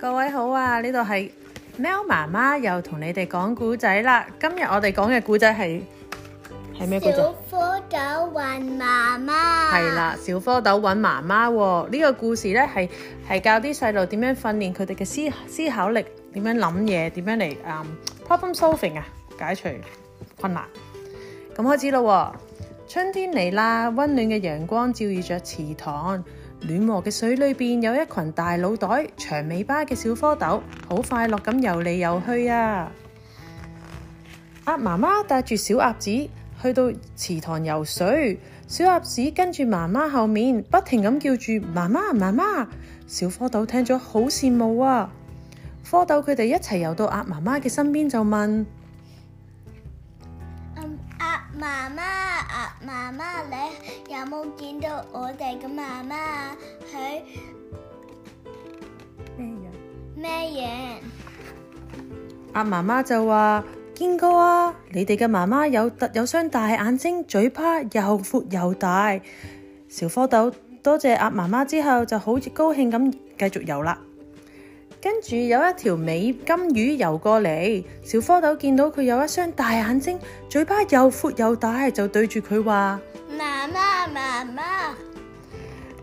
各位好啊！呢度係喵媽媽又同你哋講故仔啦。今日我哋講嘅故仔係係咩故仔？故小蝌蚪揾媽媽。係啦，小蝌蚪揾媽媽、哦。呢、這個故事呢係係教啲細路點樣訓練佢哋嘅思思考力，點樣諗嘢，點樣嚟誒 problem solving 啊，解除困難。咁、嗯嗯、開始啦、啊，春天嚟啦，溫暖嘅陽光照耀着池塘。暖和嘅水裏邊有一群大腦袋、長尾巴嘅小蝌蚪，好快樂咁游嚟游去啊！鴨媽媽帶住小鴨子去到池塘游水，小鴨子跟住媽媽後面，不停咁叫住媽媽，媽媽。小蝌蚪聽咗好羨慕啊！蝌蚪佢哋一齊游到鴨媽媽嘅身邊就問。媽媽，鴨、啊、媽媽，你有冇見到我哋嘅媽媽啊？佢咩嘢？咩嘢？鴨媽媽就話見過啊！你哋嘅媽媽有特有雙大眼睛，嘴巴又闊又大。小蝌蚪多謝鴨、啊、媽媽之後就好似高興咁繼續游啦。跟住有一條尾金魚游過嚟，小蝌蚪見到佢有一雙大眼睛，嘴巴又闊又大，就對住佢話：媽媽，媽媽！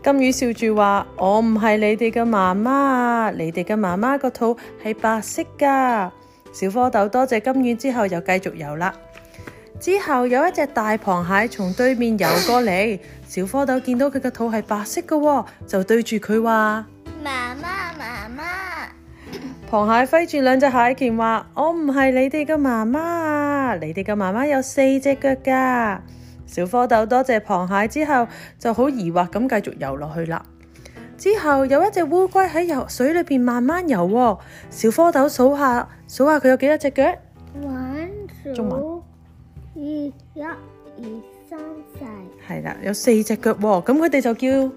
金魚笑住話：我唔係你哋嘅媽媽，你哋嘅媽媽個肚係白色噶。小蝌蚪多謝金魚之後又繼續游啦。之後有一隻大螃蟹從對面游過嚟， 小蝌蚪見到佢嘅肚係白色噶，就對住佢話：媽媽。螃蟹揮住兩隻蟹鉗話：我唔係你哋嘅媽媽，你哋嘅媽媽有四隻腳噶。小蝌蚪多謝螃蟹之後，就好疑惑咁繼續游落去啦。之後有一隻烏龜喺游水裏邊慢慢游，哦，小蝌蚪數下數下佢有幾多隻腳？玩數走文二一二三四，係啦，有四隻腳，哦，咁佢哋就叫。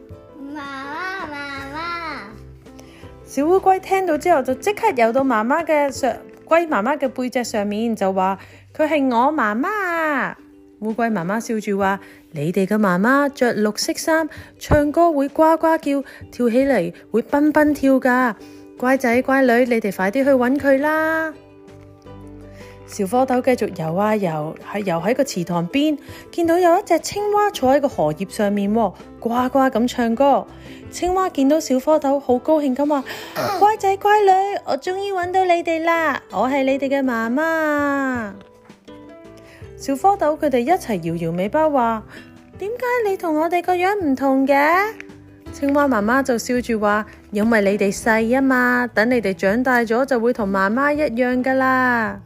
小烏龜聽到之後就即刻游到媽媽嘅上龜媽媽嘅背脊上面，就話佢係我媽媽。烏龜媽媽笑住話：你哋嘅媽媽着綠色衫，唱歌會呱呱叫，跳起嚟會奔奔跳噶。乖仔乖女，你哋快啲去揾佢啦！小蝌蚪繼續游啊游，係游喺個池塘邊，見到有一隻青蛙坐喺個荷葉上面，呱呱咁唱歌。青蛙見到小蝌蚪，好高興咁話：啊、乖仔乖女，我終於揾到你哋啦！我係你哋嘅媽媽。小蝌蚪佢哋一齊搖搖尾巴，話：點解你同我哋個樣唔同嘅？青蛙媽媽就笑住話：因為你哋細啊嘛，等你哋長大咗就會同媽媽一樣噶啦。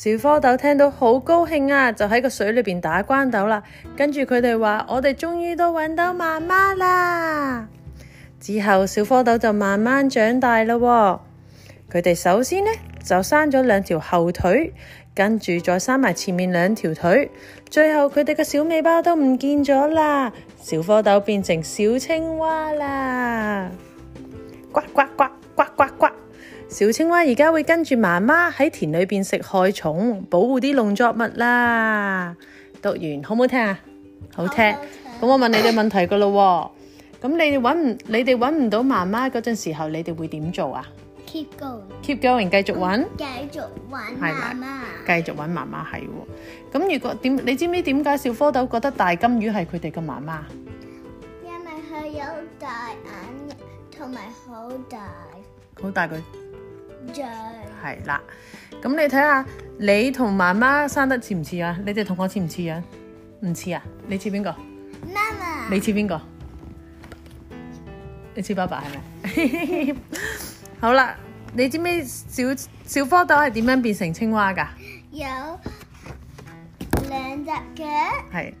小蝌蚪聽到好高興啊，就喺個水裏邊打筋斗啦。跟住佢哋話：我哋終於都揾到媽媽啦！之後小蝌蚪就慢慢長大咯。佢哋首先呢就生咗兩條後腿，跟住再生埋前面兩條腿，最後佢哋個小尾巴都唔見咗啦。小蝌蚪變成小青蛙啦，呱呱呱呱呱呱！呱呱呱呱小青蛙而家會跟住媽媽喺田裏邊食害蟲，保護啲農作物啦。讀完好唔好聽啊？好聽。咁我問你哋問題噶咯。咁 你哋唔，你哋搵唔到媽媽嗰陣時候，你哋會點做啊？Keep going，keep going，繼續搵。繼續搵媽媽。繼續搵媽媽係。咁如果點，你知唔知點解小蝌蚪覺得大金魚係佢哋個媽媽？因為佢有大眼，同埋好大。好大佢。係啦，咁 Yeah. 你睇下你同媽媽生得似唔似啊？你哋同我似唔似啊？唔似啊？你似邊個？媽媽媽。你似邊個？你似爸爸係咪？ 好啦，你知唔知小小蝌蚪係點樣變成青蛙噶？有兩隻腳。係。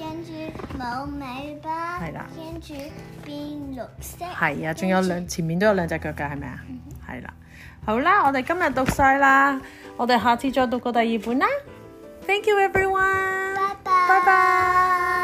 跟住冇尾巴，跟住的變綠色，係啊的，仲著有兩，前面都有兩隻腳嘅，係咪啊？係啦，嗯哼，好啦，我哋今日讀晒啦，我哋下次再讀過第二本啦。Thank you everyone，拜拜，拜拜。